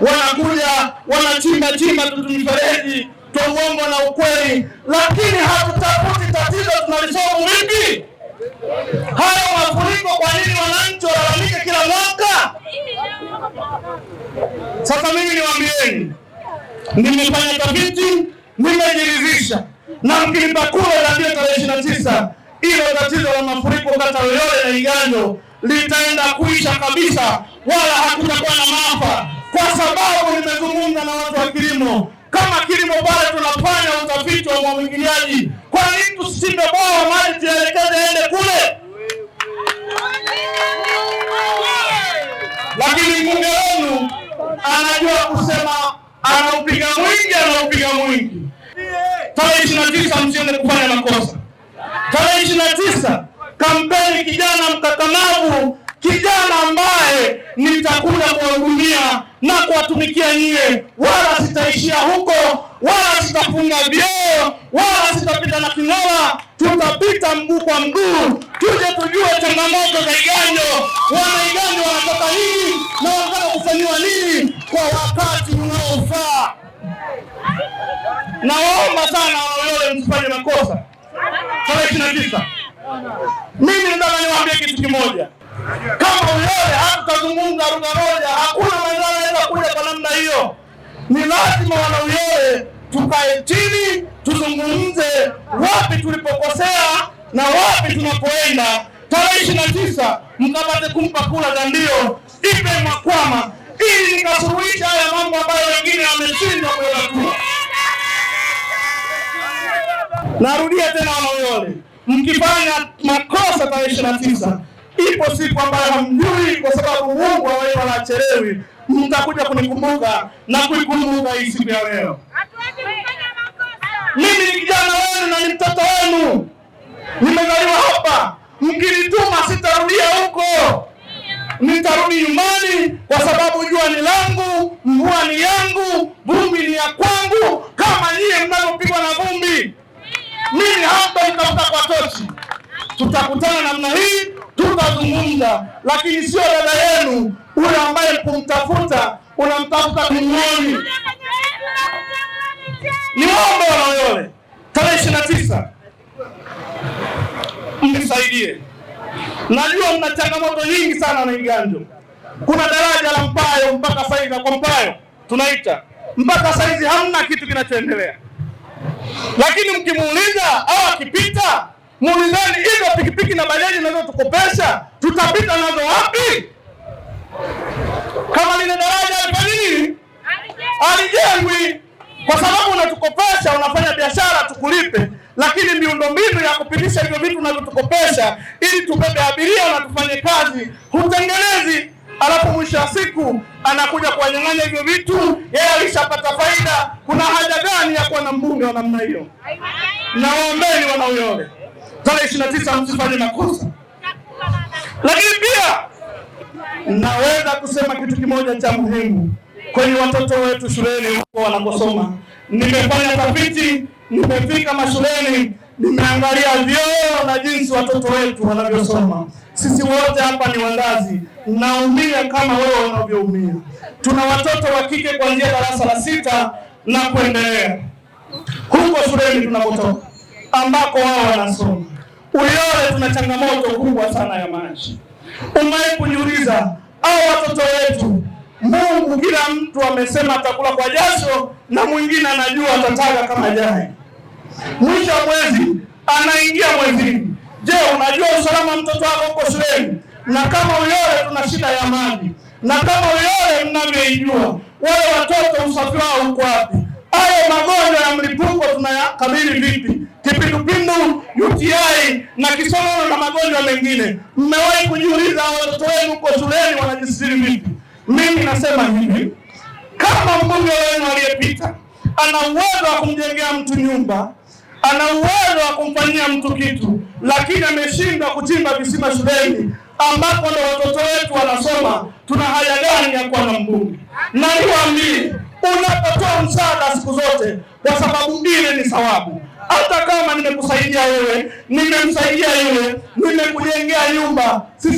wanakuja wanachimba chimba mifereji twa uongo na ukweli, lakini hatutafuti tatizo tunalisolve vipi. Hayo mafuriko, kwa nini wananchi walalamike kila mwaka? Sasa mimi niwaambieni, nimefanya tafiti, nimejiridhisha na mkilipa kura tarehe ishirini na tisa ilo tatizo la mafuriko kata Uyole na Iganjo litaenda kuisha kabisa, wala hakutakuwa na maafa kwa sababu nimezungumza na watu wa kilimo. Kama kilimo bora tunafanya utafiti wa umwagiliaji, kwa nini tusichimbe bwawa maji tuyaelekeze ende kule? Lakini mbunge wenu anajua kusema, anaupiga mwingi, anaupiga mwingi. Tarehe ishirini na tisa msiende kufanya makosa. Tarehe ishirini na tisa kampeni kijana mkakamavu, kijana ambaye nitakuja kuwahudumia na kuwatumikia nyie, wala sitaishia huko, wala sitafunga vyoo, wala sitapita na king'ola. Tutapita mguu kwa mguu, tuje tujue changamoto za Iganjo, wana Iganjo wanataka nini na wanataka kufanyiwa nini kwa wakati unaofaa. Nawaomba sana Waolole, msifanye makosa tarehe ishirini na tisa. Mimi nataka niwaambie kitu kimoja, kama Uyole hatutazungumza lugha moja, hakuna ni lazima wanauyewe tukae chini tuzungumze wapi tulipokosea na wapi tunapoenda. Tarehe ishirini na tisa mkapate kumpa kula za ndio ipe Makwama ili nikasuluhisha haya mambo ambayo wengine wameshindwa kuyatatua. Narudia tena, Wanauyole, mkifanya makosa tarehe ishirini na tisa Ipo siku ambayo hamjui, kwa sababu Mungu awaiwa na achelewi. Mtakuja kunikumbuka na kuikumbuka hii siku ya leo. Mimi ni kijana wenu na ni mtoto wenu, nimezaliwa hapa. Mkinituma sitarudia huko, nitarudi nyumbani, kwa sababu jua ni langu, mvua ni yangu, vumbi ni ya kwangu, kama nyie mnavyopigwa na vumbi. Mimi hapa nitakuta kwa tochi. Tutakutana namna hii tunazungumza, lakini sio dada yenu huyo ambaye kumtafuta unamtafuta duniani. Ni waombe Wanayole, tarehe ishirini na tisa mnisaidie. Najua mna changamoto nyingi sana na Iganjo, kuna daraja la Mpayo mpaka saizi kwa Mpayo tunaita mpaka saizi hamna kitu kinachoendelea, lakini mkimuuliza au akipita Mulizani hizo pikipiki na bajaji inazotukopesha tutapita nazo wapi? Kama lile daraja alifanyii alijengwi, kwa sababu unatukopesha, unafanya biashara tukulipe, lakini miundombinu ya kupitisha hivyo vitu unavyotukopesha ili tubebe abiria na tufanye kazi hutengenezi, alafu mwisho wa siku anakuja kuwanyang'anya hivyo vitu, yeye alishapata faida. Kuna haja gani ya kuwa na mbunge wa namna hiyo? Nawaombeni Wanauyole tarehe ishirini na tisa msifanye makosa. Lakini pia naweza kusema kitu kimoja cha muhimu kwenye watoto wetu shuleni huko wanakosoma. Nimefanya tafiti, nimefika mashuleni, nimeangalia vyoo na jinsi watoto wetu wanavyosoma. Sisi wote hapa ni wazazi, naumia kama wewe wanavyoumia Tuna watoto wa kike kuanzia darasa la sita na kuendelea huko shuleni tunakotoka, ambako wao wanasoma. Uyole tuna changamoto kubwa sana ya maji. Umewahi kujiuliza au watoto wetu, Mungu kila mtu amesema atakula kwa jasho na mwingine anajua atataga kama jai. Mwisho wa mwezi anaingia mwezini. Je, unajua usalama mtoto wako uko shuleni? Na kama Uyole tuna shida ya maji, na kama Uyole mnavyoijua, wale watoto usafi wao uko wapi? Hayo magonjwa ya mlipuko tunayakabili vipi? UTI na kisonono na magonjwa mengine. Mmewahi kujiuliza watoto wenu huko shuleni wanajisiri vipi? Mimi nasema hivi, kama mbunge wenu aliyepita ana uwezo wa kumjengea mtu nyumba, ana uwezo wa kumfanyia mtu kitu, lakini ameshindwa kuchimba visima shuleni ambapo ndo watoto wetu wanasoma, tuna haya gani ya kuwa na mbunge? Na niwaambie, unapotoa msaada siku zote, kwa sababu ile ni thawabu hata kama nimekusaidia wewe, nimemsaidia yule, nimekujengea nyumba sisi